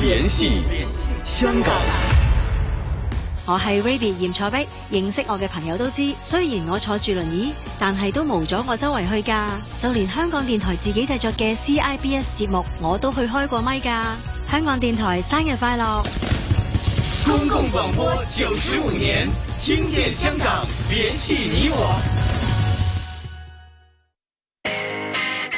聯繫香港，我係 Rabi 嚴楚碧，認識我嘅朋友都知。雖然我坐住輪椅，但係都冇阻我周圍去㗎。就連香港電台自己製作嘅 CIBS 節目，我都去開過咪㗎。香港電台生日快樂！公共廣播九十五年，聽見香港，聯繫你我。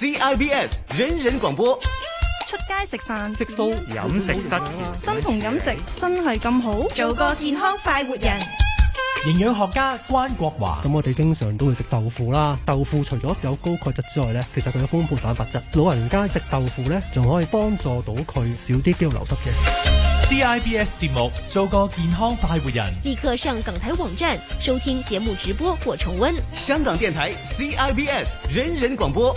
CIBS 人人廣播，出街食飯食素飲食飯食素飲食生，生酮飲食真係咁好，做個健康快活人。營養學家關國華，咁我哋經常都會食豆腐啦。豆腐除咗有高鈣質之外咧，其實佢有豐富蛋白質。老人家食豆腐咧，仲可以幫助到佢少啲膠留得嘅。CIBS 節目，做個健康快活人。立刻上港台網站收聽節目直播或重溫。香港電台 CIBS 人人廣播。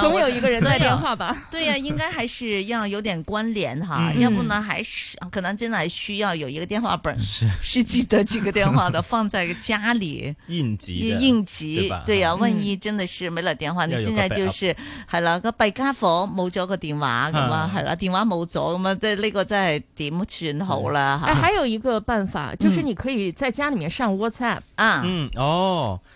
總有一個人在電話吧？對呀、啊，應該還是要有點關聯哈，嗯、要不呢還是可能真的還需要有一個電話本，是是記得幾個電話的， 放在家裏應急應急，對呀，萬、啊嗯、一真的是沒了電話，你現在就是，係啦個百家房冇咗個電話咁啊，係啦電話冇咗咁啊，即呢個真係點人頭啦哈。還有一個辦法、嗯、就是你可以在家裏面上 WhatsApp 啊，嗯，嗯哦。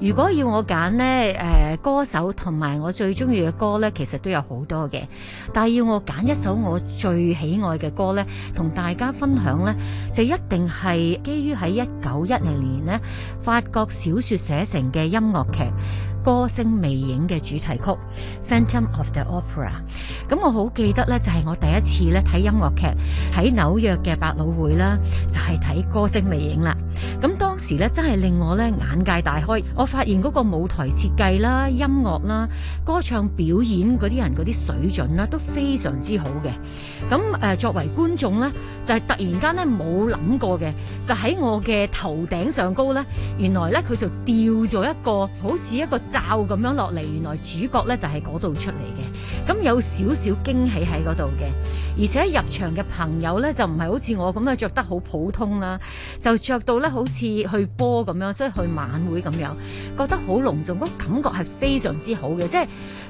如果要我揀呢，誒、呃，歌手同埋我最中意嘅歌呢，其實都有好多嘅，但係要我揀一首我最喜愛嘅歌呢，同大家分享呢，就一定係基於喺一九一零年呢，法國小說寫成嘅音樂劇。《歌聲魅影》嘅主題曲《Phantom of the Opera》，咁我好記得咧，就係、是、我第一次咧睇音樂劇，喺紐約嘅百老匯啦，就係睇《歌聲魅影》啦。咁當時咧真係令我咧眼界大開，我發現個舞台設計啦、音樂啦、歌唱表演啲人啲水準啦都非常之好嘅。咁誒、呃、作為觀眾咧，就係、是、突然間咧冇諗過嘅，就喺我嘅頭頂上高咧，原來咧佢就吊咗一個好似一個。教咁樣落嚟，原來主角呢就係嗰度出嚟嘅，咁有少少驚喜喺嗰度嘅，而且入場嘅朋友呢就唔係好似我咁樣着得、啊、得好普通啦，就着到呢好似去波咁樣，即係去晚會咁樣，覺得好隆重，嗰個感覺係非常之好嘅，即、就、係、是。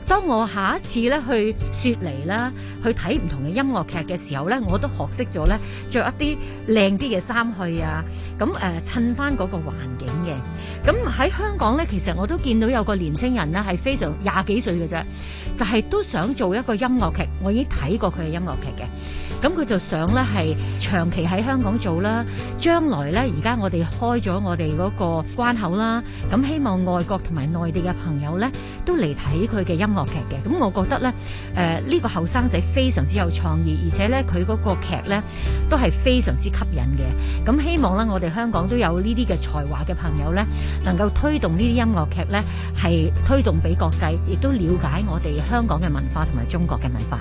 當我下一次咧去雪梨啦，去睇唔同嘅音樂劇嘅時候咧，我都學識咗咧著一啲靚啲嘅衫去啊！咁、啊、誒，襯翻嗰個環境嘅。咁喺香港咧，其實我都見到有個年輕人咧，係非常廿幾歲嘅啫，就係、是、都想做一個音樂劇。我已經睇過佢嘅音樂劇嘅。咁佢就想咧，係長期喺香港做啦。將來咧，而家我哋開咗我哋嗰個關口啦。咁希望外國同埋內地嘅朋友咧，都嚟睇佢嘅音樂劇嘅。咁我覺得咧，誒、呃、呢、這個後生仔非常之有創意，而且咧佢嗰個劇咧都係非常之吸引嘅。咁希望咧，我哋香港都有呢啲嘅才華嘅朋友咧，能夠推動呢啲音樂劇咧，係推動俾國際，亦都了解我哋香港嘅文化同埋中國嘅文化。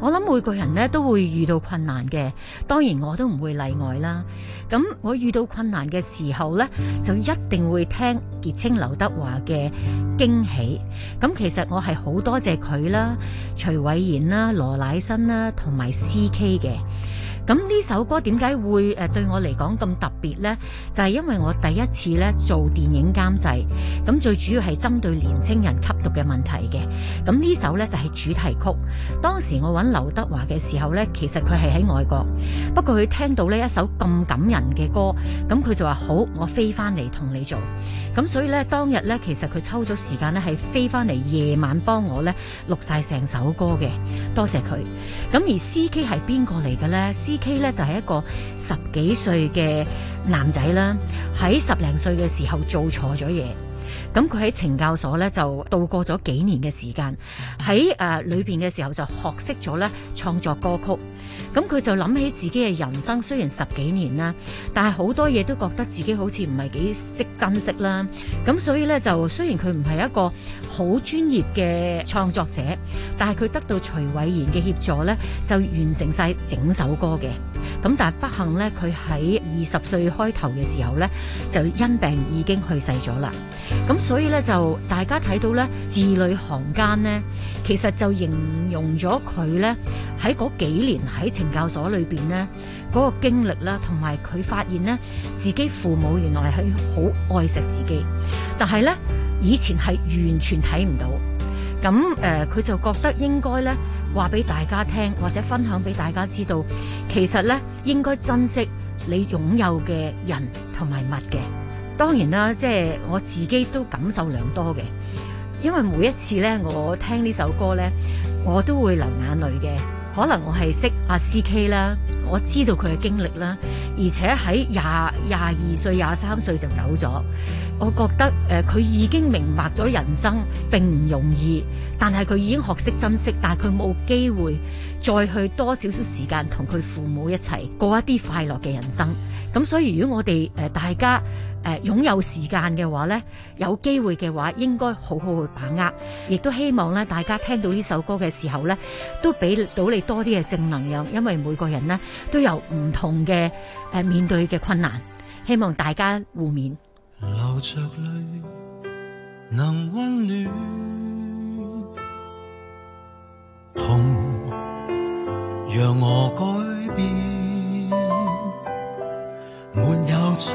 我諗每個人咧都會遇到困難嘅，當然我都唔會例外啦。咁我遇到困難嘅時候咧，就一定會聽傑青劉德華嘅驚喜。咁其實我係好多謝佢啦、徐偉賢啦、羅乃新啦，同埋 C K 嘅。咁呢首歌點解會誒對我嚟講咁特別呢？就係因為我第一次咧做電影監製，咁最主要係針對年輕人吸毒嘅問題嘅。咁呢首呢就係主題曲。當時我揾劉德華嘅時候呢，其實佢係喺外國，不過佢聽到呢一首咁感人嘅歌，咁佢就話好，我飛翻嚟同你做。咁所以咧，當日咧，其實佢抽咗時間咧，係飛翻嚟夜晚幫我咧錄晒成首歌嘅，多謝佢。咁而 C K 係邊個嚟嘅咧？C K 咧就係、是、一個十幾歲嘅男仔啦，喺十零歲嘅時候做錯咗嘢，咁佢喺懲教所咧就度過咗幾年嘅時間，喺誒、呃、裏邊嘅時候就學識咗咧創作歌曲。咁佢就諗起自己嘅人生，雖然十幾年啦，但係好多嘢都覺得自己好似唔係幾識珍惜啦。咁所以咧，就雖然佢唔係一個好專業嘅創作者，但係佢得到徐偉賢嘅協助咧，就完成晒整首歌嘅。咁但係不幸咧，佢喺二十歲開頭嘅時候咧，就因病已經去世咗啦。咁所以咧，就大家睇到咧字裏行間咧，其實就形容咗佢咧喺嗰幾年喺情。研究所裏邊咧，嗰、那個經歷啦，同埋佢發現咧，自己父母原來係好愛錫自己，但係咧以前係完全睇唔到。咁、嗯、誒，佢、呃、就覺得應該咧話俾大家聽，或者分享俾大家知道，其實咧應該珍惜你擁有嘅人同埋物嘅。當然啦，即、就、係、是、我自己都感受良多嘅，因為每一次咧我聽呢首歌咧，我都會流眼淚嘅。可能我係識阿 CK 啦，我知道佢嘅經歷啦，而且喺廿廿二歲、廿三歲就走咗。我覺得誒，佢已經明白咗人生並唔容易，但係佢已經學識珍惜，但係佢冇機會再去多少少時間同佢父母一齊過一啲快樂嘅人生。咁所以如果我哋誒、呃、大家，誒擁有時間嘅話咧，有機會嘅話，應該好好去把握。亦都希望咧，大家聽到呢首歌嘅時候咧，都俾到你多啲嘅正能量，因為每個人呢都有唔同嘅誒面對嘅困難，希望大家互勉。流着淚能溫暖，痛讓我改變，沒有漆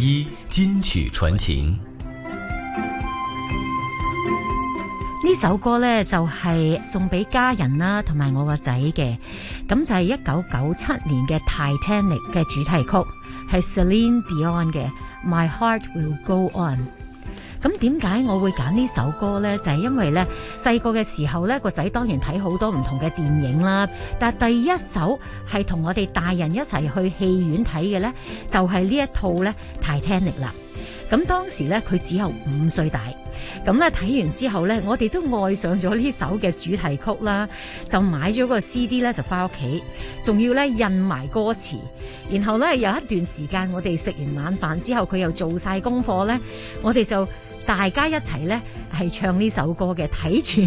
一金曲傳情，呢首歌咧就係、是、送俾家人啦、啊，同埋我個仔嘅，咁就係一九九七年嘅 Titanic 嘅主題曲，係 Celine Dion 嘅 My Heart Will Go On。咁點解我會揀呢首歌呢？就係因為呢細個嘅時候呢個仔當然睇好多唔同嘅電影啦。但第一首係同我哋大人一齊去戲院睇嘅呢，就係呢一套呢 Titanic 啦。咁當時呢，佢只有五歲大，咁呢睇完之後呢，我哋都愛上咗呢首嘅主題曲啦，就買咗個 CD 呢，就翻屋企，仲要呢印埋歌詞，然後呢，有一段時間我哋食完晚飯之後，佢又做晒功課呢，我哋就～大家一齊咧，係唱呢首歌嘅，睇住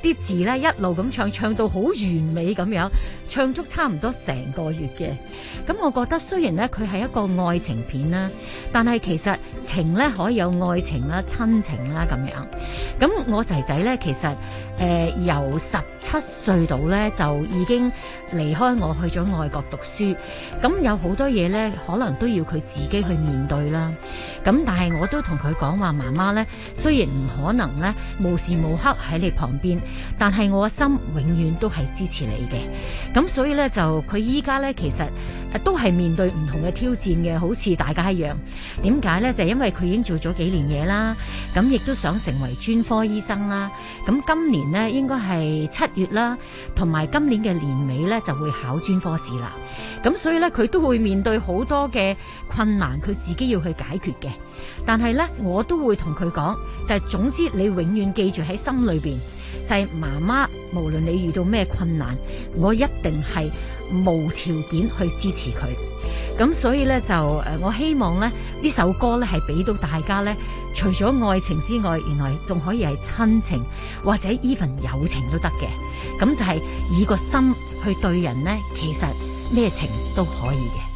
啲字咧，一路咁唱，唱到好完美咁樣，唱足差唔多成個月嘅。咁我覺得雖然咧佢係一個愛情片啦，但係其實。情咧可以有愛情啦、親情啦咁樣。咁我仔仔咧，其實誒、呃、由十七歲到咧就已經離開我去咗外國讀書。咁有好多嘢咧，可能都要佢自己去面對啦。咁但係我都同佢講話媽媽呢，媽媽咧雖然唔可能咧無時無刻喺你旁邊，但係我嘅心永遠都係支持你嘅。咁所以咧就佢依家咧其實都係面對唔同嘅挑戰嘅，好似大家一樣。點解咧就因因為佢已經做咗幾年嘢啦，咁亦都想成為專科醫生啦。咁今年呢，應該係七月啦，同埋今年嘅年尾呢，就會考專科試啦。咁所以呢，佢都會面對好多嘅困難，佢自己要去解決嘅。但係呢，我都會同佢講，就係總之你永遠記住喺心裏邊，就係媽媽，無論你遇到咩困難，我一定係。無條件去支持佢，咁所以咧就誒，我希望咧呢首歌咧係俾到大家咧，除咗愛情之外，原來仲可以係親情或者 even 友情都得嘅，咁就係以個心去對人咧，其實咩情都可以嘅。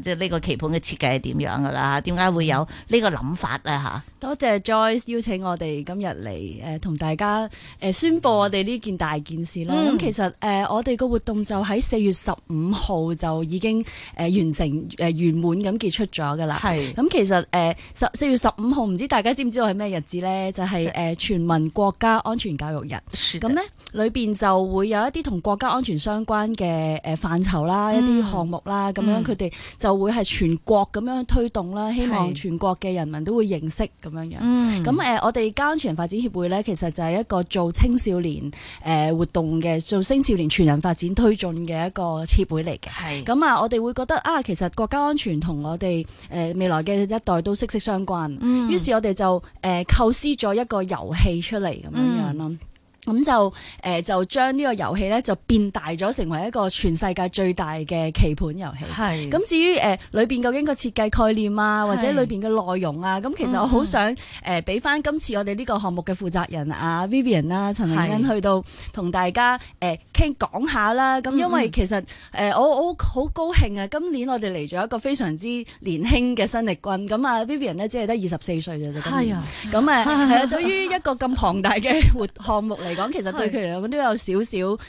即係呢個棋盤嘅設計係點樣㗎啦？點解會有這個想呢個諗法咧吓，多謝 Joyce 邀請我哋今日嚟誒同大家誒宣佈我哋呢件大件事啦。咁、嗯、其實誒、呃、我哋個活動就喺四月十五號就已經誒完成誒圓、呃、滿咁結束咗㗎啦。係咁其實誒十四月十五號唔知道大家知唔知道係咩日子咧？就係、是、誒、呃、全民國家安全教育日。咁咧裏邊就會有一啲同國家安全相關嘅誒範疇啦，一啲項目啦，咁、嗯、樣佢哋、嗯、就。會係全國咁樣推動啦，希望全國嘅人民都會認識咁樣樣。咁誒，我哋國家安全發展協會呢，其實就係一個做青少年誒活動嘅，做青少年全人發展推進嘅一個協會嚟嘅。係咁啊，我哋會覺得啊，其實國家安全同我哋誒未來嘅一代都息息相關。於、嗯、是我哋就誒、呃、構思咗一個遊戲出嚟咁樣樣咯。嗯咁就誒就將呢個遊戲咧就變大咗，成為一個全世界最大嘅棋盤遊戲，係。咁至於誒裏邊究竟個設計概念啊，或者裏邊嘅內容啊，咁、嗯、其實我好想誒俾翻今次我哋呢個項目嘅負責人啊 Vivian 啦，陳文欣去到同大家誒傾講下啦。咁因為其實誒我我好高興啊，今年我哋嚟咗一個非常之年輕嘅新力軍。咁啊，Vivian 咧只係得二十四歲嘅啫。係啊。咁誒，係啊，對於一個咁龐大嘅活項目嚟。嚟講，其實對佢嚟講都有少少誒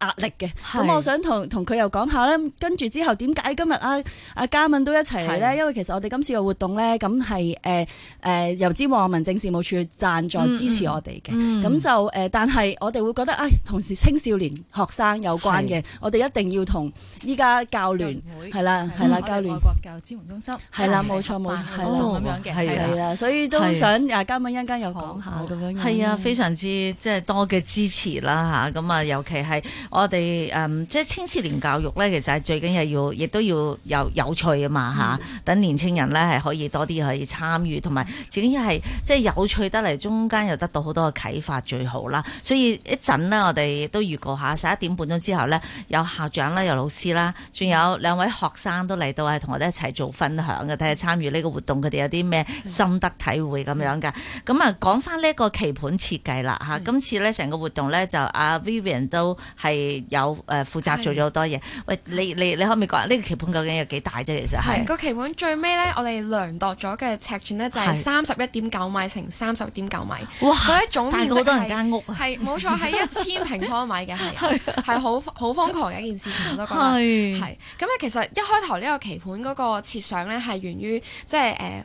壓力嘅。咁我想同同佢又講下咧，跟住之後點解今日啊阿嘉敏都一齊嚟咧？因為其實我哋今次嘅活動咧，咁係誒誒由資助民政事務處贊助支持我哋嘅。咁就誒，但係我哋會覺得誒、哎，同時青少年學生有關嘅，我哋一定要同依家教聯係啦，係啦、嗯，教聯愛國教育支援中心係啦，冇錯冇錯，係啦咁樣嘅係啊，所以都想阿嘉敏一陣又講下咁樣。係啊，非常之即係，嗯多嘅支持啦吓，咁啊尤其係我哋誒即係青少年教育咧，其實係最緊要要，亦都要有要有，有趣啊嘛，吓、等、嗯、年青人咧係可以多啲可以參與，同埋自己係即係有趣得嚟，中間又得到好多嘅啟發最好啦。所以一陣咧，我哋亦都預告一下，十一點半鐘之後咧，有校長啦，有老師啦，仲有兩位學生都嚟到係同我哋一齊做分享嘅，睇下參與呢個活動佢哋有啲咩心得體會咁、嗯、樣噶。咁啊講翻呢個棋盤設計啦吓。今、嗯。次咧成個活動咧就阿、啊、Vivian 都係有誒、呃、負責做咗好多嘢。喂，你你你可唔可以講下呢、呢個棋盤究竟有幾大啫？其實係個棋盤最尾咧，我哋量度咗嘅尺寸咧就係三十一點九米乘三十點九米。哇！嗰啲總面積係冇錯，係一千平方米嘅，係係好好瘋狂嘅一件事情， 我都覺得係。咁咧，其實一開頭呢個棋盤嗰個設想咧係源於即係誒，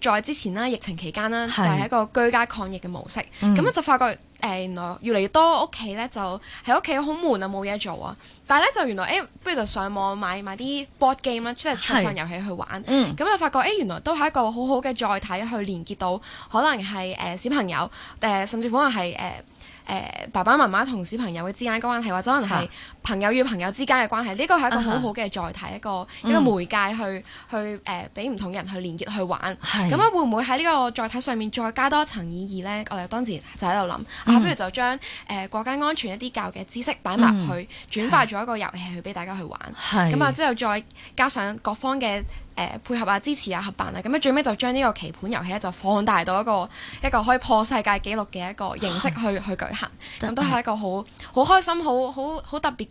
在之前啦，疫情期間啦，就係、是、一個居家抗疫嘅模式。咁、嗯、就發覺。誒、呃、原來越嚟越多屋企咧，就喺屋企好悶啊，冇嘢做啊。但係咧就原來、欸，不如就上網買買啲 board game 啦，即係桌上遊戲去玩。嗯，咁就發覺誒、欸、原來都係一個好好嘅載體去連結到可能係、呃、小朋友、呃、甚至乎可能係、呃呃、爸爸媽媽同小朋友嘅之間關係，或者可能係。朋友與朋友之間嘅關係，呢個係一個很好好嘅載體，一、uh、個 -huh. 一個媒介去去誒，俾、呃、唔同嘅人去連結去玩。咁、mm、樣 -hmm. 會唔會喺呢個載體上面再加多一層意義呢？我哋當時就喺度諗啊，不如就將誒、呃、國家安全一啲教育嘅知識擺埋去，mm -hmm. 轉化做一個遊戲去俾大家去玩。咁啊，之後再加上各方嘅誒、呃、配合啊、支持啊、合辦啊，咁樣最尾就將呢個棋盤遊戲咧，就放大到一個一個可以破世界紀錄嘅一個形式去、mm -hmm. 去，去舉行。咁都係一個好好開心、好好好特別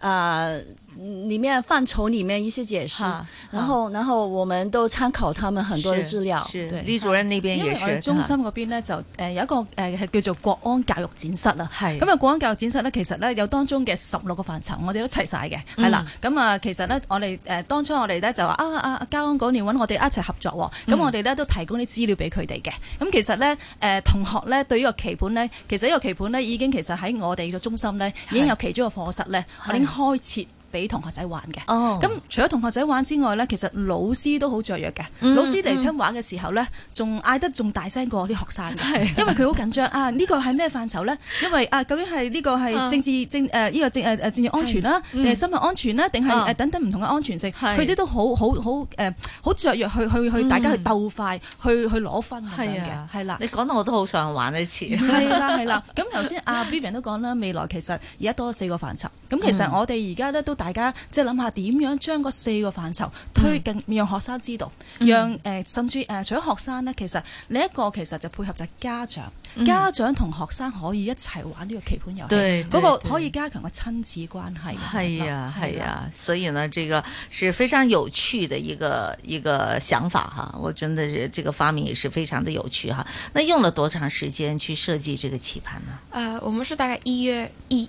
啊！裏面範疇裏面一些解釋、啊啊，然後然後我們都參考他們很多的資料。是是李主任那邊也，因為我們中心嗰邊咧就誒有一個誒、呃、叫做國安教育展室啊。係咁啊，國安教育展室咧，其實咧有當中嘅十六個範疇，我哋都齊晒嘅，係、嗯、啦。咁啊，其實咧我哋誒當初我哋咧就話啊啊，交安嗰年揾我哋一齊合作，咁我哋咧都提供啲資料俾佢哋嘅。咁其實咧誒同學咧對呢個棋盤咧，其實呢個棋盤咧已經其實喺我哋嘅中心咧已經有其中一個課室咧。開始。俾同學仔玩嘅，咁、oh. 除咗同學仔玩之外咧，其實老師都好雀躍嘅。Mm -hmm. 老師嚟親玩嘅時候咧，仲嗌得仲大聲過啲學生，嘅，因為佢好緊張 啊。呢、呢個係咩範疇咧？因為啊，究竟係呢個係政治政誒呢個政誒政治安全啦、啊，定係生物安全啦、啊，定係誒等等唔同嘅安全性，佢啲都好好好誒好雀躍，去去去大家去鬥快，去去攞分咁樣嘅。係啦，你講到我都好想玩一次。係啦係啦，咁頭先阿、 啊、Vivian 都講啦，未來其實而家多咗四個範疇。咁、mm -hmm. 其實我哋而家咧都。大家即係諗下點樣將嗰四個範疇推進，讓學生知道，嗯嗯、讓誒、呃、甚至誒、呃、除咗學生呢，其實另一個其實就配合就係家長，嗯、家長同學生可以一齊玩呢個棋盤遊戲，嗰、嗯，那個可以加強個親子關係。係啊係啊，所以呢，這個是非常有趣的一個一個想法哈。我覺得這個發明也是非常的有趣哈。那用了多長時間去設計這個棋盤呢？誒、uh，我們是大概一月一。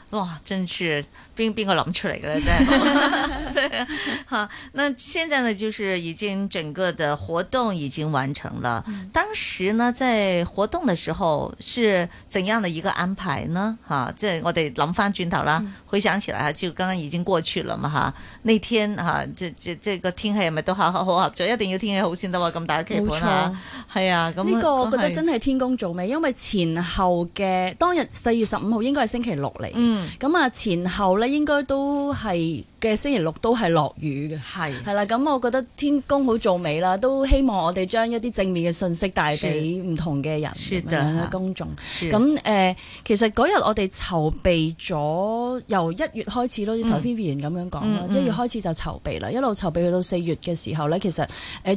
哇，真是邊邊個諗出嚟嘅啦，真係。好，那現在呢，就是已經整個的活動已經完成了。嗯、當時呢，在活動的時候是怎樣的一個安排呢？哈、啊，即係我哋諗翻轉頭啦、嗯，回想起來就剛剛已經過去了嘛，哈。那天哈，即即即個天氣係咪都好好合作？一定要天氣好先得嘛，咁大嘅劇本啊。係啊，咁。呢、這個我覺得真係天公做美，因為前後嘅當日四月十五號應該係星期六嚟。嗯咁、嗯、啊，前後咧應該都係嘅星期六都係落雨嘅，係係啦。咁我覺得天公好做美啦，都希望我哋將一啲正面嘅訊息帶俾唔同嘅人、唔同嘅公眾咁、嗯嗯、其實嗰日我哋籌備咗由一月開始咯，頭先 Vivian 咁樣講啦，一、嗯、月開始就籌備啦，一路籌備去到四月嘅時候咧，其實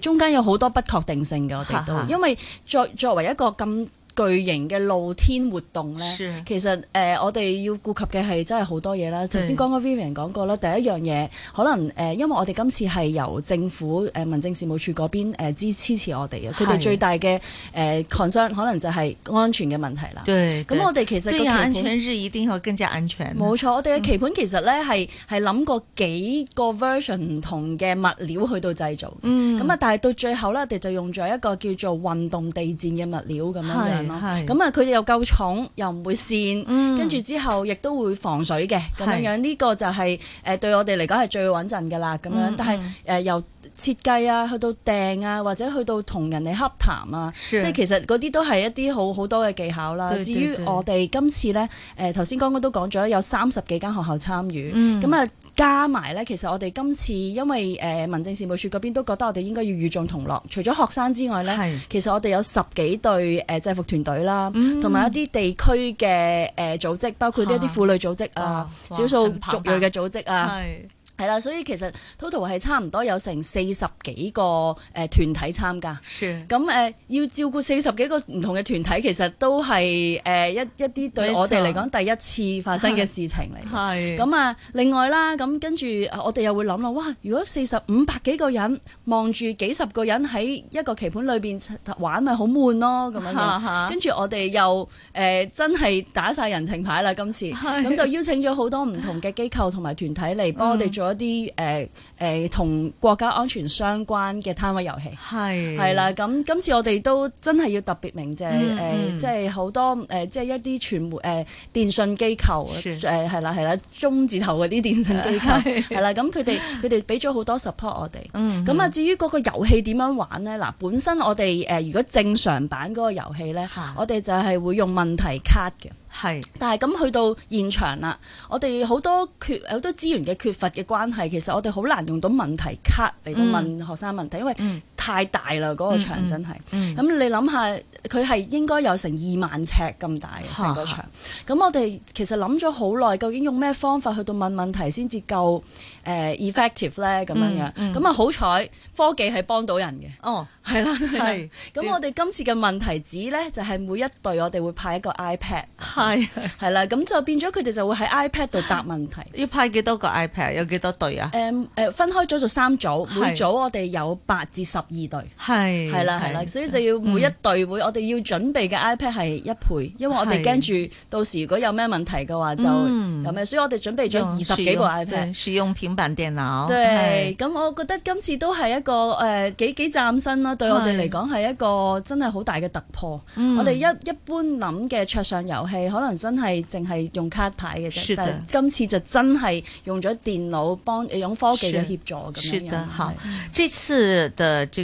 中間有好多不確定性嘅，我哋都因為作作為一個咁。巨型嘅露天活動咧，其實誒、呃、我哋要顧及嘅係真係好多嘢啦。頭先講過 Vivian 講過啦，第一樣嘢可能誒、呃，因為我哋今次係由政府誒、呃、民政事務處嗰邊支、呃、支持我哋嘅，佢哋最大嘅誒、呃、concern 可能就係安全嘅問題啦。對，咁我哋其實即係安全日一定要更加安全，啊。冇錯，我哋嘅棋盤其實咧係係諗過幾個 version 唔同嘅物料去到製造。嗯，咁啊，但係到最後咧，我哋就用咗一個叫做運動地墊」嘅物料咁咁啊，佢哋又夠重，又唔會線，跟、嗯、住之後亦都會防水嘅咁樣樣。呢、這個就係、是、誒對我哋嚟講係最穩陣噶啦咁樣。嗯、但係誒、呃、由設計啊，去到訂啊，或者去到同人哋洽談啊，即係其實嗰啲都係一啲好好多嘅技巧啦。對對對對至於我哋今次呢，誒頭先剛剛都講咗有三十幾間學校參與，咁、嗯、啊。加埋咧，其實我哋今次因為誒民政事務處嗰邊都覺得我哋應該要與眾同樂，除咗學生之外咧，其實我哋有十幾隊誒制服團隊啦，同、嗯、埋一啲地區嘅誒組織，包括一啲婦女組織啊、少數族裔嘅組織啊。係啦，所以其實 Total 係差唔多有成四十幾個誒團體參加，咁、sure. 要照顧四十幾個唔同嘅團體，其實都係一一啲對我哋嚟講第一次發生嘅事情嚟。係咁啊，另外啦，咁跟住我哋又會諗諗，哇！如果四十五百幾個人望住幾十個人喺一個棋盤裏邊玩，咪好悶咯，咁樣跟住我哋又誒真係打晒人情牌啦，今、right. 次。咁就邀請咗好多唔同嘅機構同埋團體嚟幫我哋做。嗰啲誒誒同國家安全相關嘅攤位遊戲，係係啦，咁今次我哋都真係要特別鳴謝、嗯、誒、嗯，即係好多誒、即、呃、係、就是、一啲傳媒誒、呃、電信機構誒係啦係啦，中字頭嗰啲電信機構係啦，咁佢哋佢哋俾咗好多 support 我哋，咁、嗯、啊、嗯嗯、至於嗰個遊戲點樣玩咧？嗱，本身我哋誒、呃、如果正常版嗰個遊戲咧，我哋就係會用問題卡嘅。係，但係咁去到現場啦，我哋好多缺好多資源嘅缺乏嘅關係，其實我哋好難用到問題卡嚟到問學生問題，因為、嗯。嗯那個、太大啦嗰個場真係，咁、嗯、你諗下佢係應該有成二萬尺咁大成個場，咁、啊、我哋其實諗咗好耐，究竟用咩方法去到問問題先至夠、呃、effective 呢？咁樣樣，咁啊好彩科技係幫到人嘅，哦，係啦，係，咁我哋今次嘅問題紙呢，就係、是、每一隊我哋會派一個 iPad，係係、嗯、啦，咁、嗯、就變咗佢哋就會喺 iPad 度答問題。要派幾多個 iPad？有幾多隊啊？誒、呃、誒、呃，分開咗做三組，每組我哋有八至十二隊係係啦係啦，所以就要每一隊會、嗯、我哋要準備嘅 iPad 係一倍，因為我哋驚住到時如果有咩問題嘅話就有咩、嗯。所以我哋準備咗二十幾部 iPad，用使，用使用平板電腦。對，咁我覺得今次都係一個誒、呃、幾幾嶄新咯，對我哋嚟講係一個真係好大嘅突破。我哋一一般諗嘅桌上遊戲可能真係淨係用卡牌嘅啫，但今次就真係用咗電腦幫用科技嘅協助咁樣樣吓。呢次嘅、這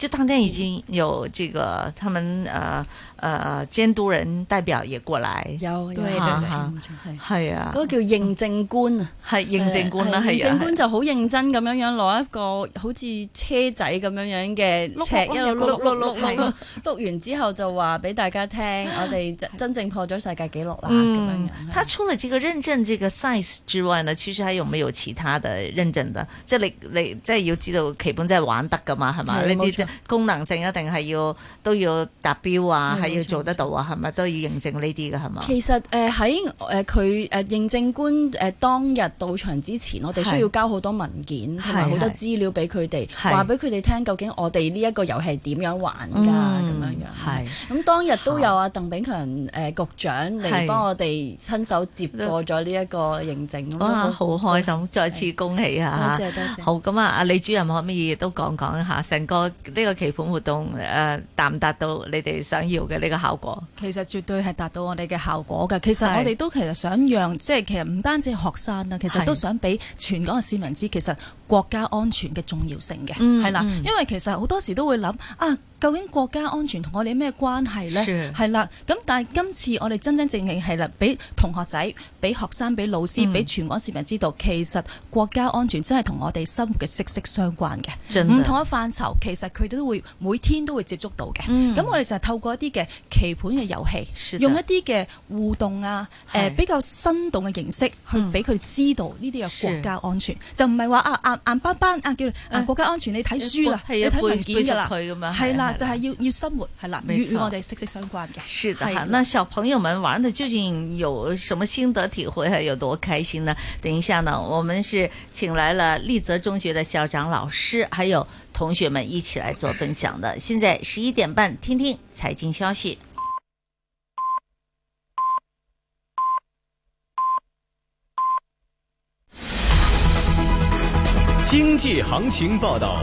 就當天已經有這個，他們呃呃監督人代表也過來，有，對對對，係啊，嗰、啊那個叫認證官啊，係、嗯、認證官啦，係啊，認證官就好認真咁樣樣攞一個好似車仔咁樣樣嘅尺，一路錄錄錄，錄、啊啊、完之後就話俾大家聽，我哋真正破咗世界紀錄啦。咁、 嗯、樣嘅，佢除了這個認證，這個 size 之外，呢其實還有沒有其他的認證的？即係你你即係要知道棋盤真係玩得㗎嘛，係 嘛？你功能性一定係要都要達標啊，係要做得到啊，係咪都要認證呢啲嘅係嘛？其實誒喺誒佢誒認證官誒、呃、當日到場之前，我哋需要交好多文件同埋好多資料俾佢哋，話俾佢哋聽究竟我哋呢一個遊戲點樣玩噶咁樣樣。係咁當日都有阿、啊、鄧炳強誒、呃、局長嚟幫我哋親手接過咗呢一個認證。我啊好開心、嗯，再次恭喜啊！多謝多謝！好咁啊，阿李主任可唔可以都講講一下成個。呢、這個棋盤活動誒、呃、達唔達到你哋想要嘅呢個效果？其實絕對係達到我哋嘅效果嘅。其實我哋都其實想讓，即係其實唔單止係學生啦，其實都想俾全港嘅市民知，其實國家安全嘅重要性嘅，係啦。因為其實好多時都會諗啊。究竟國家安全同我哋咩關係呢？係啦，咁但係今次我哋真真正正係啦，俾同學仔、俾學生、俾老師、俾全港市民知道，嗯、其實國家安全真係同我哋生活嘅息息相關嘅。唔同嘅範疇，其實佢哋都會每天都會接觸到嘅。咁、嗯、我哋就係透過一啲嘅棋盤嘅遊戲，用一啲嘅互動啊，誒、呃、比較生動嘅形式去俾佢知道呢啲嘅國家安全，是就唔係話啊硬硬班班啊、嗯嗯嗯、啊叫國家安全、欸、你睇書你啦，你睇文件㗎啦，係啦。嗯就係、是、要要生活係難，與我哋息息相關嘅。是的，哈。那小朋友們玩得究竟有什麼心得體會，係有多開心呢？等一下呢，我們是請來了麗澤中學的校長、老師，還有同學們一起來做分享的。現在十一點半，聽聽財經消息。經濟行情報道。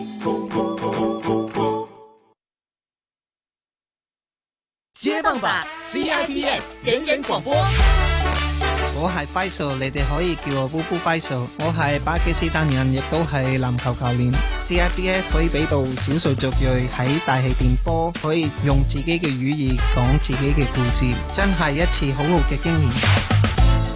接棒吧，CIBS 人人廣播。我係 Faisal，你哋可以叫我波波 Faisal。我係巴基斯坦人，亦都係籃球教練。CIBS 可以俾到少數族裔喺大氣電波，可以用自己嘅語言講自己嘅故事，真係一次好好嘅經驗。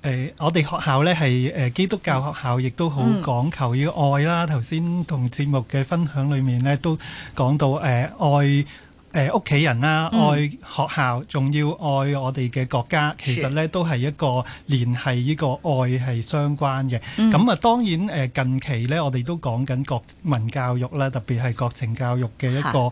呃、我哋學校咧係基督教學校，亦都好講求要愛啦。頭、嗯、先同節目嘅分享裏面咧，都講到誒、呃、愛屋企、呃、人啦、啊嗯，愛學校，仲要愛我哋嘅國家。其實咧都係一個聯繫，呢個愛係相關嘅。咁、嗯、啊，當然近期咧，我哋都講緊國民教育啦，特別係國情教育嘅一個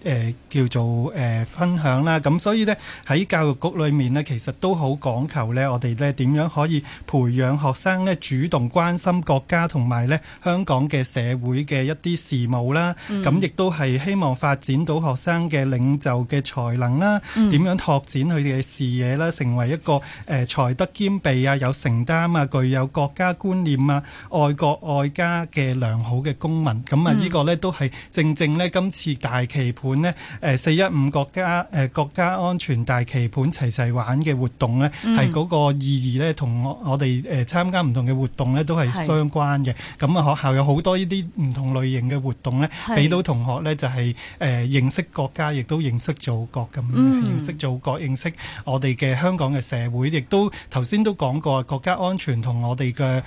誒、呃、叫做誒、呃、分享啦，咁所以咧喺教育局裏面咧，其實都好講求咧，我哋咧點樣可以培養學生咧主動關心國家同埋咧香港嘅社會嘅一啲事務啦。咁亦都係希望發展到學生嘅領袖嘅才能啦，點、嗯、樣拓展佢哋嘅視野啦，成為一個誒才、呃、德兼備啊、有承擔啊、具有國家觀念啊、愛國愛家嘅良好嘅公民。咁啊，嗯這個、呢個咧都係正正咧今次大棋盤。本咧，誒四一五國家誒國家安全大棋盤齊齊玩嘅活動呢，係嗰個意義呢，同我我哋誒參加唔同嘅活動呢都係相關嘅。咁學校有好多呢啲唔同類型嘅活動呢，俾到同學呢，就係誒認識國家，亦都認識祖國咁樣，嗯，認識祖國，認識我哋嘅香港嘅社會，亦都頭先都講過國家安全同我哋嘅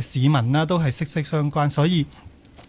誒市民啦，都係息息相關，所以。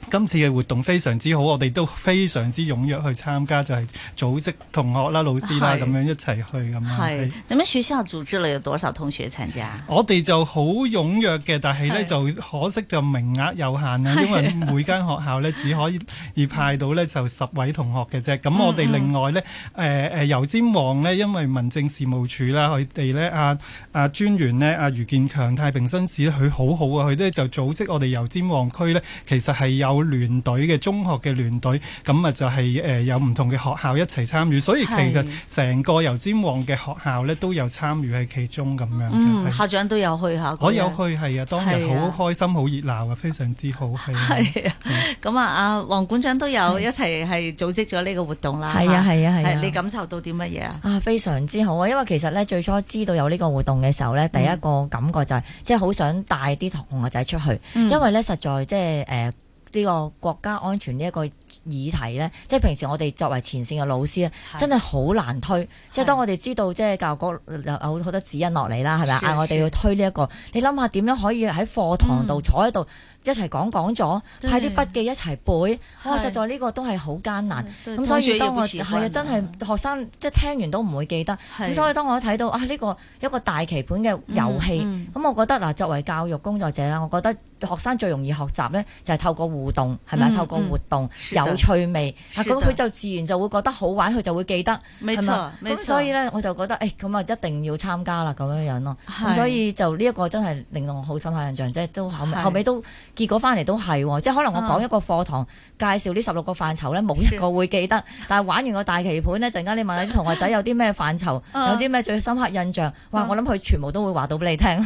今次嘅活動非常之好，我哋都非常之踴躍去參加，就係、是、組織同學啦、老師啦咁樣一齊去咁樣。係，你咩學校組織咧？有多少同學參加？我哋就好踴躍嘅，但係呢是，就可惜就名額有限啊，因為每間學校呢，只可以而派到呢就十位同學嘅啫。咁我哋另外呢，誒誒油尖旺呢，因為民政事務處啦，佢哋呢，阿阿專員呢，阿余建強，太平紳士，佢好好啊，佢咧就組織我哋油尖旺區呢，其實係。有聯隊嘅中學嘅聯隊，咁啊就係誒有唔同嘅學校一齊參與，所以其實成個油尖旺嘅學校咧都有參與喺其中咁樣。嗯，校長都有去下。我有去，係啊，當日好開心，好熱鬧好啊，啊，非常之好。係啊，咁啊，阿黃館長都有一齊係組織咗呢個活動啦。係啊，係啊，係啊。你感受到啲乜嘢啊？啊，非常之好啊！因為其實咧，最初知道有呢個活動嘅時候咧，第一個感覺就係、係、即係好想帶啲同學仔出去，嗯、因為咧實在即係誒。呃呢個國家安全呢一個。議題呢，即係平時我哋作為前線嘅老師咧，真係好難推。即係當我哋知道即係教育局有好多指引落嚟啦，係咪啊？嗌我哋去推呢、這、一個，你諗下點樣可以喺課堂度坐喺度一齊講講咗、嗯，派啲筆記一齊背。哇！實在呢個都係好艱難。咁所以當我係啊，真係學生即係聽完都唔會記得。咁所以當我睇到啊，呢、這個一個大棋盤嘅遊戲，咁我覺得嗱，作為教育工作者咧，我覺得學生最容易學習呢，就係透過互動，係咪、嗯、透過活動有。趣味啊，咁佢就自然就會覺得好玩，佢就會記得，係咪？咁所以呢，我就覺得，誒、哎，咁啊，一定要參加啦，咁樣樣咯。係，所以就呢一個真係令到我好深刻印象，即係都後後尾都結果翻嚟都係，即係可能我講一個課堂、嗯、介紹呢十六個範疇呢，冇一個會記得，是但係玩完個大棋盤呢，陣間你問下啲同學仔有啲咩範疇，嗯、有啲咩最深刻印象，哇！我諗佢全部都會話到俾你聽。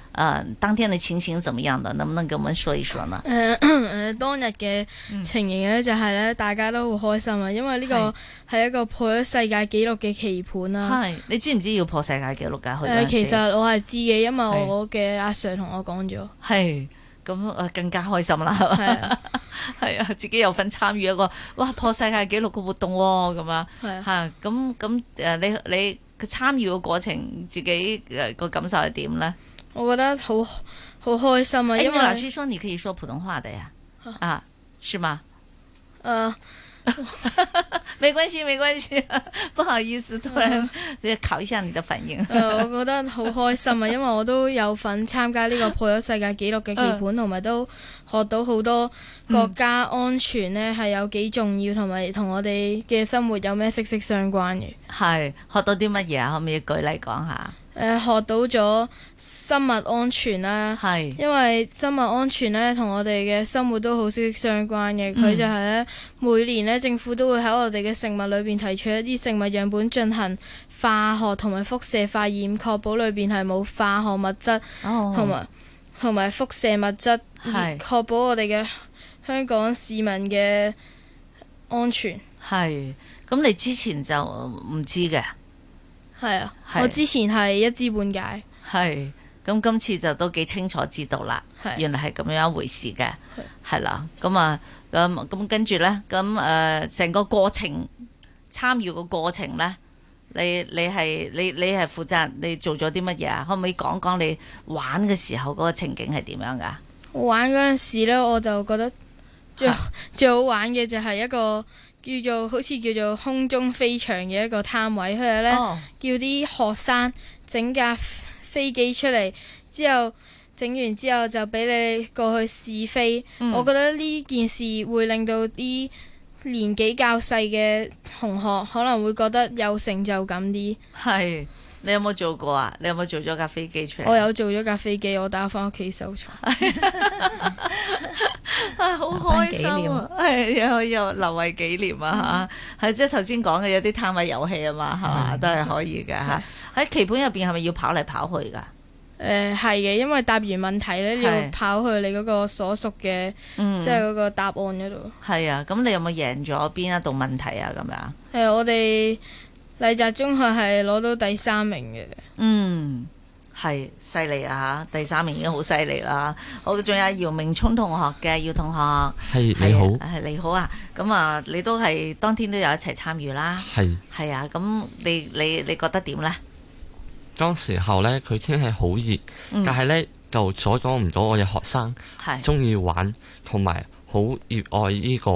誒、嗯，當天的情形怎麼樣的？能不能跟我們說一說呢？呃呃、當日嘅情形咧就係、是、咧、嗯，大家都好開心啊，因為呢個係一個破咗世界紀錄嘅棋盤啦。係，你知唔知要破世界紀錄㗎？其實我係知嘅，因為我嘅阿 sir 同我講咗。係咁，更加開心啦。係係啊，自己有份參與一個哇破世界紀錄嘅活動咁啊，咁咁誒，你你參與嘅過程，自己誒個感受係點咧？我覺得好好開心啊！因為老師說你可以說普通話的呀，啊，啊是嗎？誒、啊， 沒關係，沒關係，不好意思，突然、啊、你考一下你的反應。啊、我覺得好開心啊， 因為我都有份參加呢個破咗世界紀錄嘅劇本，同、啊、埋都學到好多國家安全呢係有幾重要，同埋同我哋嘅生活有咩息息相關嘅。係，學到啲乜嘢啊？可唔可以舉例講下？誒，學到咗生物安全啦，因為生物安全呢，同我哋嘅生活都好息息相關嘅。佢、嗯、就係呢每年呢，政府都會喺我哋嘅食物裏邊提取一啲食物樣本進行化學同埋輻射化驗，確保裏邊係冇化學物質同埋同埋輻射物質，確保我哋嘅香港市民嘅安全。係，咁你之前就唔知嘅？係啊，我之前係一知半解，係咁今次就都幾清楚知道啦，原來係咁樣一回事嘅，係啦，咁啊，咁咁跟住咧，咁誒成個過程參與個過程咧，你你係你你係負責，你做咗啲乜嘢啊？可唔可以講講你玩嘅時候嗰個情景係點樣噶？玩嗰陣時咧，我就覺得最、啊、最好玩嘅就係一個。叫做好似叫做空中飛翔嘅一個攤位，佢係咧叫啲學生整架飛機出嚟，之後整完之後就俾你過去試飛。Mm. 我覺得呢件事會令到啲年紀較細嘅同學可能會覺得有成就感啲。係。你有冇做過啊？你有冇做咗架飛機出嚟？我有做咗架飛機，我帶翻屋企收藏。啊 好開心、啊，係又又留為紀念，念啊！吓、嗯，係即係頭先講嘅有啲攤位遊戲啊嘛，係嘛、嗯、都係可以嘅吓。喺棋盤入邊係咪要跑嚟跑去噶？誒、呃，係嘅，因為答完問題咧，你要跑去你嗰個所屬嘅、嗯，即係嗰個答案嗰度。係啊，咁你有冇贏咗邊一度問題啊？咁樣誒、呃，我哋。麗澤中學係攞到第三名嘅，嗯，係犀利啊吓，第三名已經好犀利啦。我仲有姚明聰同學嘅，姚同學，係你好，係你好啊，咁啊，你都係當天都有一齊參與啦，係係啊，咁你你你，你覺得點呢？當時候呢，佢天氣好熱，但係呢，就阻擋唔到我嘅學生係中意玩同埋好熱愛呢個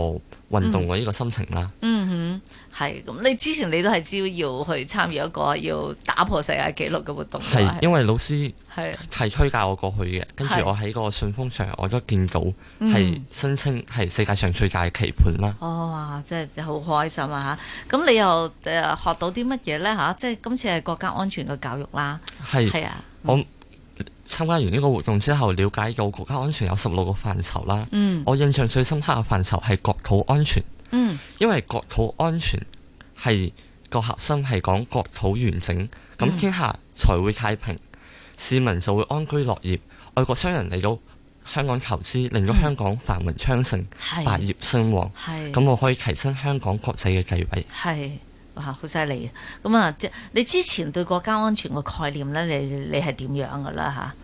運動嘅呢個心情啦，嗯。嗯哼。係咁，你之前你都係知要去參與一個要打破世界紀錄嘅活動。係因為老師係係推介我過去嘅，是跟住我喺個信封上我都見到係聲稱係世界上最大嘅棋盤啦。哇，嗯！即係好開心啊吓！咁你又誒學到啲乜嘢呢？吓，啊？即係今次係國家安全嘅教育啦。係系是啊！嗯，我參加完呢個活動之後，了解到國家安全有十六個範疇啦。嗯，我印象最深刻嘅範疇係國土安全。嗯，因為國土安全係個核心，係講國土完整，咁天下才會太平，市民就會安居樂業，外國商人嚟到香港投資，令到香港繁榮昌盛，百、嗯、業興旺，咁我可以提升香港國際嘅地位。係。哇，好犀利！咁啊，即你之前對國家安全嘅概念呢？你你係點樣噶啦吓？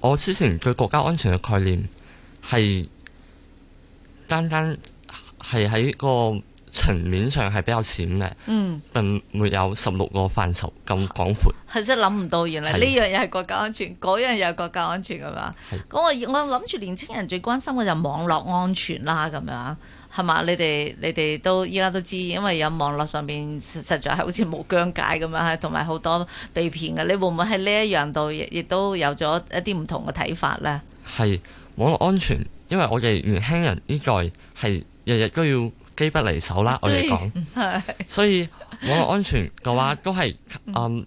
我之前對國家安全嘅概念係單單。係喺個層面上係比較淺嘅，嗯，並沒有十六個範疇咁廣闊。係真係諗唔到，原來呢樣嘢係國家安全，嗰樣嘢係國家安全咁樣。咁我我諗住年青人最關心嘅就網絡安全啦，咁樣係嘛？你哋你哋都依家都知道，因為有網絡上邊實在係好似冇疆界咁樣，同埋好多被騙嘅。你會唔會喺呢一樣度亦都有咗一啲唔同嘅睇法呢？係網絡安全，因為我哋年輕人呢代係。日日都要機不離手啦，我哋講，所以網絡安全嘅話 都係、呃，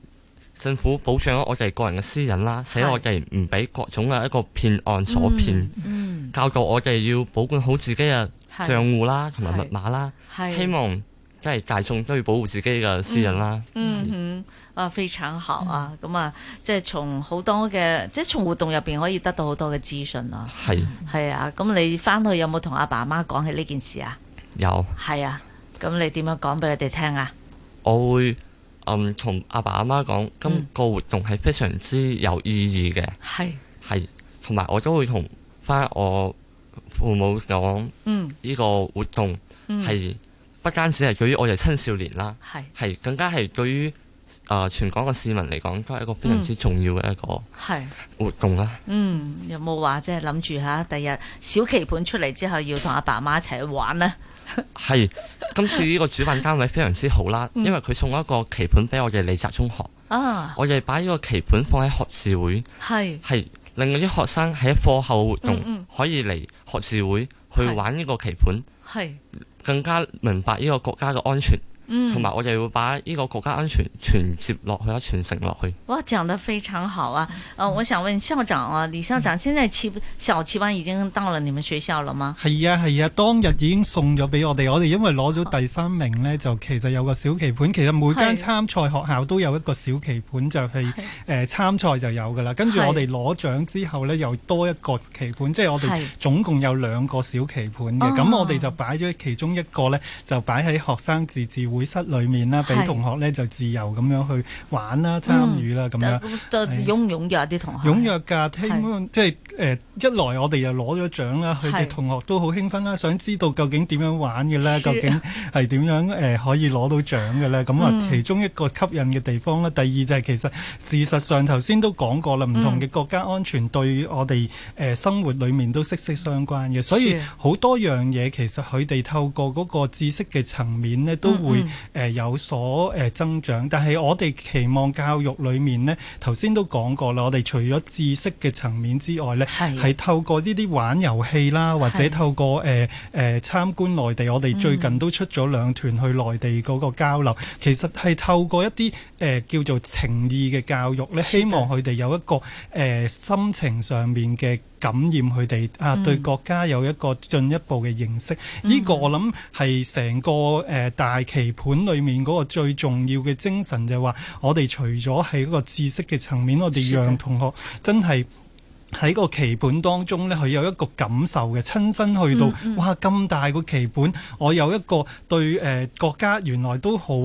政府保障我哋個人嘅私隱啦，使我哋唔俾各種嘅一個騙案所騙、嗯嗯，教導我哋要保管好自己嘅賬戶啦同埋密碼啦，希望。即、就、係、是、大眾都要保護自己嘅私隱啦。嗯哼，啊、嗯嗯、非常好啊！咁、嗯、啊，即係、就是、從好多嘅，即、就、係、是、從活動入邊可以得到好多嘅資訊咯。係係啊！咁、啊、你翻去有冇同阿爸阿媽講起呢件事啊？有係啊！咁你點樣講俾佢哋聽啊？我會嗯同阿爸阿媽講，今、那個活動係非常之有意義嘅。係係，同埋我都會同翻我父母講。嗯，呢個活動係。不單止係對於我哋青少年啦，係更加係對於啊全港嘅市民嚟講，都係一個非常之重要嘅一個活動啦、嗯。嗯，有冇話即係諗住吓第日小棋盤出嚟之後，要同阿爸媽一齊去玩呢？係 今次呢個主辦單位非常之好啦、嗯，因為佢送一個棋盤俾我哋李澤中學啊，我哋把呢個棋盤放喺學士會，係係令嗰啲學生喺課後活動可以嚟學士會去嗯嗯玩呢個棋盤，係。是更加明白呢個國家嘅安全。嗯，同埋我哋會把呢個國家安全傳接落去啦，傳承落去。哇，講得非常好啊！哦、呃，我想問校長啊，嗯、李校長，現在小七小棋盤已經到咗你們學校了嗎？係啊係啊，當日已經送咗俾我哋，我哋因為攞咗第三名呢，就其實有個小棋盤。其實每間參賽學校都有一個小棋盤，就是，就係誒參賽就有噶啦。跟住我哋攞獎之後呢，又多一個棋盤，即係、就是、我哋總共有兩個小棋盤嘅。咁我哋就擺咗其中一個呢，就擺喺學生自治會室裏面啦，俾同學呢就自由咁樣去玩啦、參與啦，咁、嗯、樣就踴唔踴躍啲同學？踴躍噶，即係誒、呃，一來我哋又攞咗獎啦，佢哋同學都好興奮啦，想知道究竟點樣玩嘅咧、啊？究竟係點樣誒、呃、可以攞到獎嘅咧？咁啊，其中一個吸引嘅地方咧、嗯，第二就係其實事實上頭先都講過啦，唔同嘅國家安全對我哋誒、呃、生活裏面都息息相關嘅，所以好多樣嘢其實佢哋透過嗰個知識嘅層面呢都會、嗯。嗯誒、嗯呃、有所誒、呃、增長，但係我哋期望教育裡面呢，頭先都講過啦。我哋除咗知識嘅層面之外呢，係透過呢啲玩遊戲啦，或者透過誒誒參觀內地。我哋最近都出咗兩團去內地嗰個交流，嗯、其實係透過一啲誒、呃、叫做情意嘅教育咧，希望佢哋有一個誒、呃、心情上面嘅感染，佢哋啊對國家有一個進一步嘅認識。呢、嗯這個我諗係成個誒、呃、大旗。盤裏面嗰個最重要嘅精神就係話，我哋除咗喺一個知識嘅層面，我哋讓同學真係。真喺個棋盤當中呢，佢有一個感受嘅，親身去到，嗯嗯、哇咁大個棋盤，我有一個對誒、呃、國家原來都好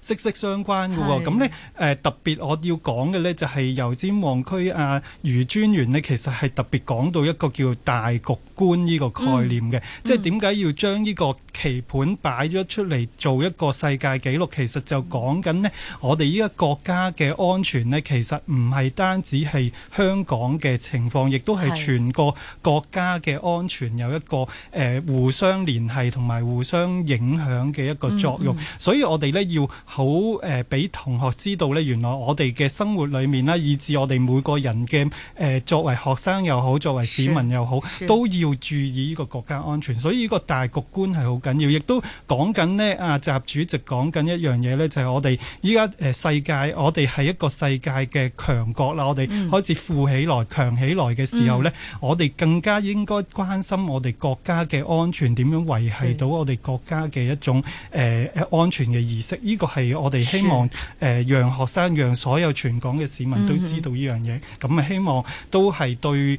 息息相關嘅喎。咁呢，誒、呃、特別我要講嘅呢，就係、是、油尖旺區啊余專員呢，其實係特別講到一個叫大局觀呢個概念嘅、嗯，即係點解要將呢個棋盤擺咗出嚟做一個世界紀錄？其實就講緊呢，我哋依家國家嘅安全呢，其實唔係單止係香港嘅情況。亦都係全個國家嘅安全有一個誒、呃、互相聯繫同埋互相影響嘅一個作用，嗯嗯、所以我哋咧要好誒俾、呃、同學知道咧，原來我哋嘅生活裏面啦，以至我哋每個人嘅誒、呃、作為學生又好，作為市民又好，都要注意呢個國家安全，所以呢個大局觀係好緊要。亦都講緊咧啊，習主席講緊一樣嘢咧，就係、是、我哋依家誒世界，我哋係一個世界嘅強國啦，我哋開始富起來、嗯、強起來嘅、嗯、時候咧，我哋更加應該關心我哋國家嘅安全，點樣維繫到我哋國家嘅一種誒誒、呃、安全嘅意識？呢個係我哋希望誒、呃、讓學生、讓所有全港嘅市民都知道呢、嗯、樣嘢。咁啊，希望都係對誒誒、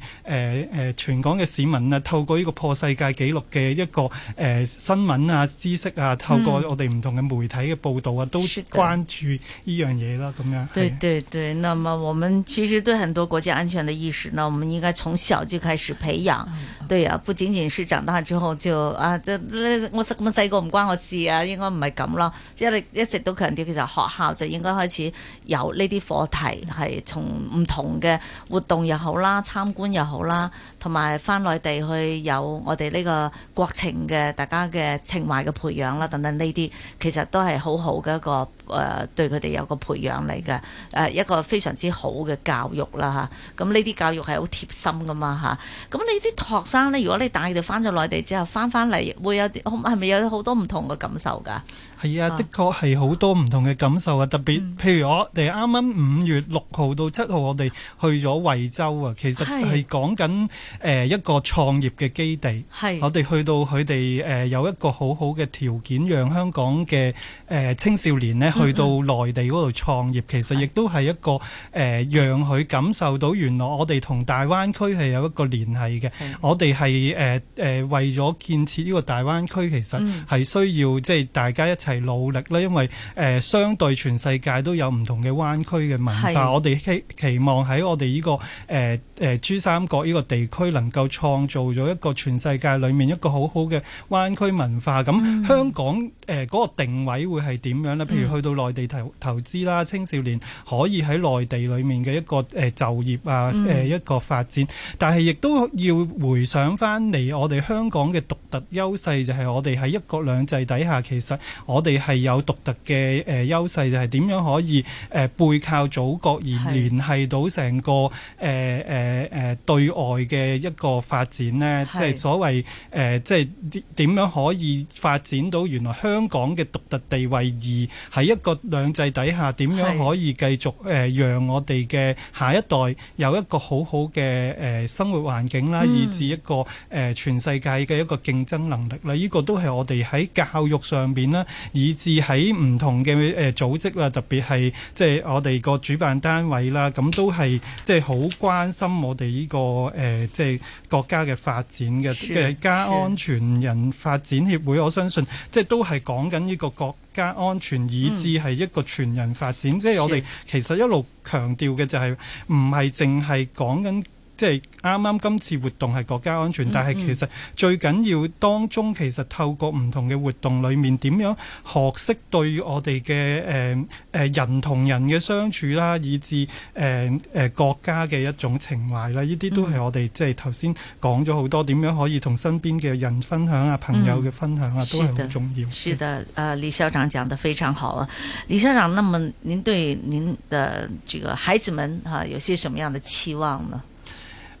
呃、全港嘅市民啊，透過呢個破世界紀錄嘅一個誒、呃、新聞啊、知識啊，透過我哋唔同嘅媒體嘅報道啊、嗯，都關注呢樣嘢啦。咁樣，對對對，那麼我們其實對很多國家安全的意識。那我們我們應該從小就開始培養，對呀、啊，不僅僅是長大之後就啊，就我咁細個唔關我事啊，應該唔係咁咯，一一直都強調其實學校就應該開始有呢啲課題，係從唔同嘅活動又好啦，參觀又好啦。同埋翻內地去有我哋呢個國情嘅大家嘅情懷嘅培養啦等等呢啲，其實都係好好嘅一個誒、呃，對佢哋有個培養嚟嘅誒，一個非常之好嘅教育啦嚇。咁呢啲教育係好貼心噶嘛嚇。咁你啲學生咧，如果你帶佢哋翻咗內地之後，翻翻嚟會有啲係咪有好多唔同嘅感受㗎？係啊，啊，的確係好多唔同嘅感受啊！特別、嗯、譬如我哋啱啱五月六號到七號我哋去咗惠州啊。其實係講緊誒一個創業嘅基地。係我哋去到佢哋誒有一個好好嘅條件，讓香港嘅、誒、呃、青少年咧去到內地嗰度創業，嗯嗯，其實亦都係一個誒、呃、讓佢感受到原來我哋同大灣區係有一個聯繫嘅。我哋係誒誒為咗建設呢個大灣區其實係需要、嗯、即係大家一齊。係努力啦，因為誒、呃、相對全世界都有唔同嘅灣區嘅文化，我哋希期，期望喺我哋呢個誒誒、呃呃、珠三角呢個地區能夠創造咗一個全世界裏面一個好好嘅灣區文化。咁、嗯、香港誒、呃嗰個定位會係點樣咧？譬如去到內地投投資啦、嗯，青少年可以喺內地裏面嘅一個誒就業啊，誒、嗯、一個發展，但係亦都要回想翻嚟我哋香港嘅獨特優勢，就係我哋喺一國兩制底下，其實我們我哋係有獨特嘅誒、呃、優勢，就係、是、點樣可以誒、呃、背靠祖國而聯繫到成個誒誒誒對外嘅一個發展呢？即係、就是、所謂誒，即係點樣可以發展到原來香港嘅獨特地位，而喺一個兩制底下，點樣可以繼續誒、呃、讓我哋嘅下一代有一個很好好嘅誒生活環境啦，嗯、以至一個誒、呃、全世界嘅一個競爭能力啦？呢、這個都係我哋喺教育上邊咧。以至喺唔同嘅誒組織啦，特別係即係我哋個主辦單位啦，咁都係即係好關心我哋呢、這個誒即係國家嘅發展嘅國家安全人發展協會，我相信即係都係講緊呢個國家安全，以致係一個全人發展。即係我哋其實一路強調嘅就係唔係淨係講緊。即係啱啱今次活動係國家安全，但係其實最緊要當中其實透過唔同嘅活動裏面點樣學識對我哋嘅、呃、人同人嘅相處啦，以至誒、呃呃、國家嘅一種情懷啦，呢啲都係我哋、嗯、即係頭先講咗好多點樣可以同身邊嘅人分享啊，朋友嘅分享啊、嗯，都係好重要。是的，是的呃、李校長講得非常好啊！李校長，那麼您對您的這個孩子們、啊、有些什麼樣的期望呢？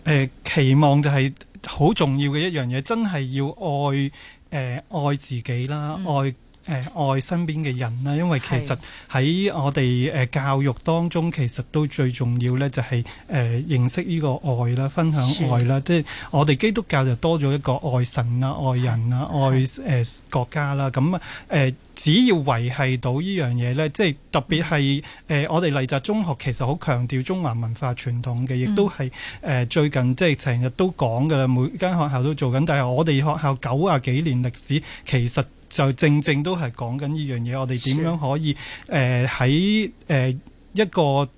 誒、呃、期望就係好重要嘅一樣嘢，真係要愛誒、呃、愛自己啦，嗯、愛誒、呃、愛身邊嘅人啦，因為其實喺我哋誒教育當中，其實都最重要咧，就係、是、誒、呃、認識呢個愛啦、分享愛啦。即係、就是、我哋基督教就多咗一個愛神啊、愛人啊、愛誒、呃、國家啦。咁啊誒，只要維繫到呢樣嘢咧，即、就、係、是、特別係誒、嗯呃、我哋麗澤中學其實好強調中華文化傳統嘅，亦都係誒、呃、最近即係成日都講噶啦，每間學校都做緊。但係我哋學校九十幾年歷史，其實。就正正都係講緊呢樣嘢，我哋點樣可以誒喺誒一個、呃、一個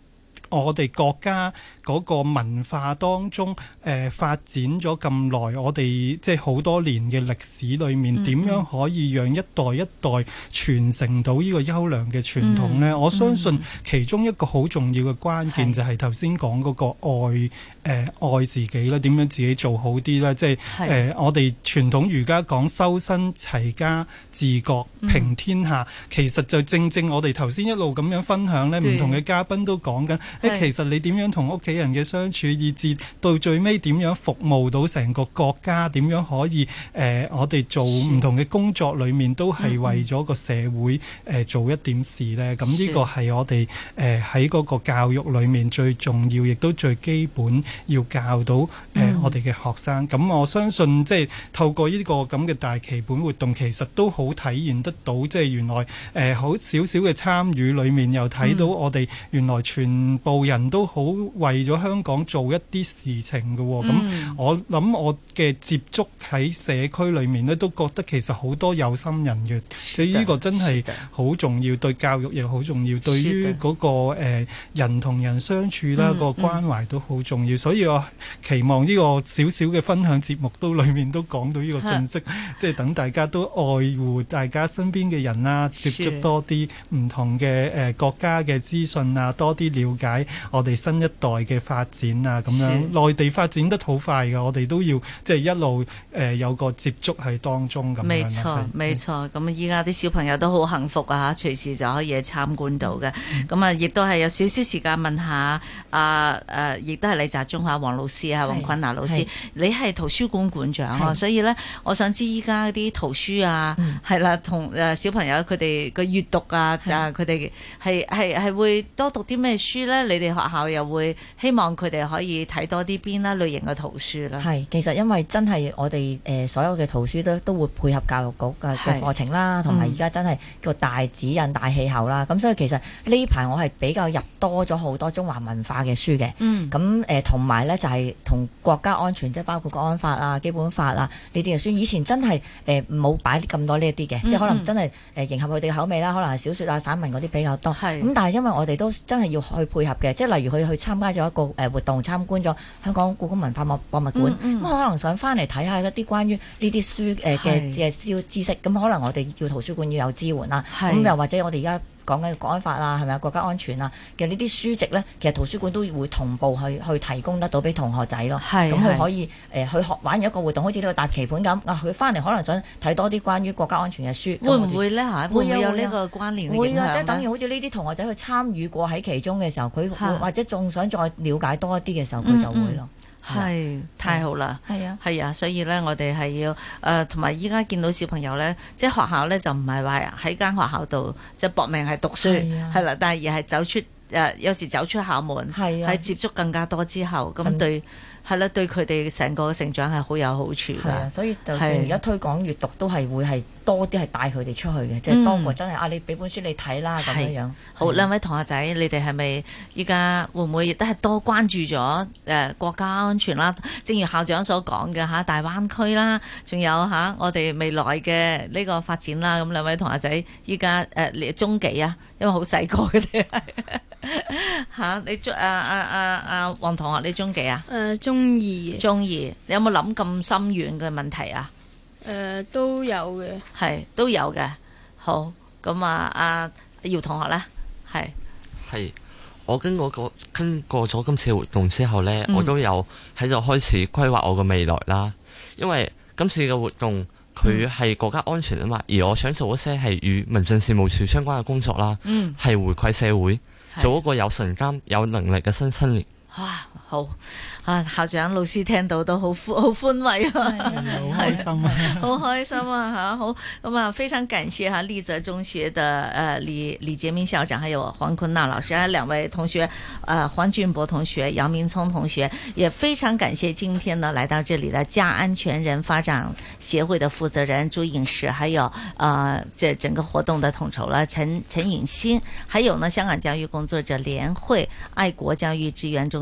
我哋國家，嗰個文化當中，誒、呃、發展咗咁耐，我哋即係好多年嘅歷史裏面，點、mm -hmm. 樣可以讓一代一代傳承到這個呢個優良嘅傳統咧？Mm -hmm. 我相信其中一個好重要嘅關鍵就係頭先講個愛誒、呃、愛自己啦，點樣自己做好啲啦，即係誒、mm -hmm. 呃、我哋傳統儒家講修身齊家治國平天下，mm -hmm. 其實就正正我哋頭先一路咁樣分享咧，唔同嘅嘉賓都講緊誒其實你點樣同屋企俾人嘅相處，以至到最尾點樣服務到成個國家？點樣可以誒，我哋做唔同嘅工作裏面，都係為咗個社會誒做一點事咧。咁呢個係我哋誒喺嗰個教育裏面最重要，亦都最基本要教到誒我哋嘅學生。咁我相信，即係透過呢個咁嘅大棋盤活動，其實都好體現得到，即係原來誒好少少嘅參與裏面，又睇到我哋原來全部人都好為。喺香港做一啲事情嘅，咁我諗我嘅接觸喺社區裏面呢，都覺得其實好多有心人嘅，所以呢個真係好重要，對教育亦好重要，對於嗰個誒人同人相處啦，個關懷都好重要。所以我期望呢個少少嘅分享節目都裏面都講到呢個信息，即係等大家都愛護大家身邊嘅人啊，接觸多啲唔同嘅誒國家嘅資訊啊，多啲了解我哋新一代嘅。嘅發展啊，咁樣內地發展得好快噶，我哋都要即係、就是、一路誒、呃、有個接觸喺當中咁樣。冇錯，冇錯。咁依家啲小朋友都好幸福啊，隨時就可以去參觀到嘅。咁、嗯、啊，亦都係有少少時間問下啊，誒、啊，亦都係你集中下黃老師啊，黃坤娜老師，你係圖書館館長啊，所以咧，我想知依家啲圖書啊，係、嗯、啦，同誒小朋友佢哋個閱讀啊，啊佢哋係係係會多讀啲咩書咧？你哋學校又會？希望佢哋可以睇多啲邊一類型嘅圖書啦。係其實因為真係我哋誒、呃、所有嘅圖書都都會配合教育局嘅課程啦，同埋而家真係叫大指引大氣候啦，咁所以其實呢排我係比較入多咗好多中華文化嘅書嘅。嗯。咁誒同埋咧就係、是、同國家安全，即係包括國安法啊、基本法啊，你哋就算以前真係誒冇擺咁多呢一啲嘅，即係可能真係誒、呃、迎合佢哋口味啦，可能係小說啊、散文嗰啲比較多。咁、嗯、但係因為我哋都真係要去配合嘅，即係例如佢去參加咗。個誒活動參觀咗香港故宮文化博物館，咁、嗯、我、嗯、可能想翻嚟睇下一啲關於呢啲書誒嘅嘅小知識，咁可能我哋叫圖書館要有支援啦，咁又或者我哋而家。講緊國安法啊，係咪啊，國家安全啊，其實呢啲書籍咧，其實圖書館都會同步去去提供得到俾同學仔咯。係，咁佢可以誒去、呃、學玩完一個活動，好似呢個搭棋盤咁。啊，佢翻嚟可能想睇多啲關於國家安全嘅書，會唔會咧嚇？會唔會有呢個關聯嘅影響咧？會啊，即係等於好似呢啲同學仔去參與過喺其中嘅時候，佢或者仲想再了解多一啲嘅時候，佢就會咯。嗯嗯。係太好啦，係啊，係啊，啊，所以咧，我哋係要誒，同埋依家見到小朋友咧，即係學校咧就唔係話喺間學校度即係係搏命係讀書，係啦、啊啊，但係而係走出誒、呃，有時走出校門，係喺、啊、接觸更加多之後，咁對。係啦，對佢哋成個成長係好有好處噶、啊，所以就算而家推廣閱讀都係會係多啲係帶佢哋出去嘅，嗯，即係當唔係真係啊，你俾本書你睇啦咁樣樣。好，兩位同學仔，你哋係咪依家會唔會亦都係多關注咗誒、呃、國家安全啦？正如校長所講嘅吓，大灣區啦，仲有吓、啊、我哋未來嘅呢個發展啦。咁、啊、兩位同學仔，依家誒中幾啊？因為好細個嘅咧。 吓、 啊、你中啊啊啊啊黃同學你中幾啊？誒，中二，中二。你有冇諗咁深遠嘅問題、呃、的的啊？誒，都有嘅，係都有嘅。好咁啊，阿姚同學咧？係係我經過過經過咗今次活動之後咧、嗯，我都有喺度開始規劃我嘅未來啦。因為今次嘅活動佢係國家安全啊嘛、嗯，而我想做一些係與民政事務處相關嘅工作啦，嗯，係回饋社會。做一個有神經、有能力嘅新青年。啊， 好啊！校長、老師聽到都好歡好歡慰啊，好開心啊，哈哈哎哎哎、 好開心啊！嚇，好咁啊，非常感謝哈麗澤中學的呃李李杰明校長，還有黃坤娜老師，還有兩位同學，呃，黃俊博同學，楊明聰同學，也非常感謝今天呢來到這裏的家安全人發展協會的負責人朱穎石，還有呃這整個活動的統籌了陳陳穎欣，還有呢香港教育工作者聯會愛國教育支援中。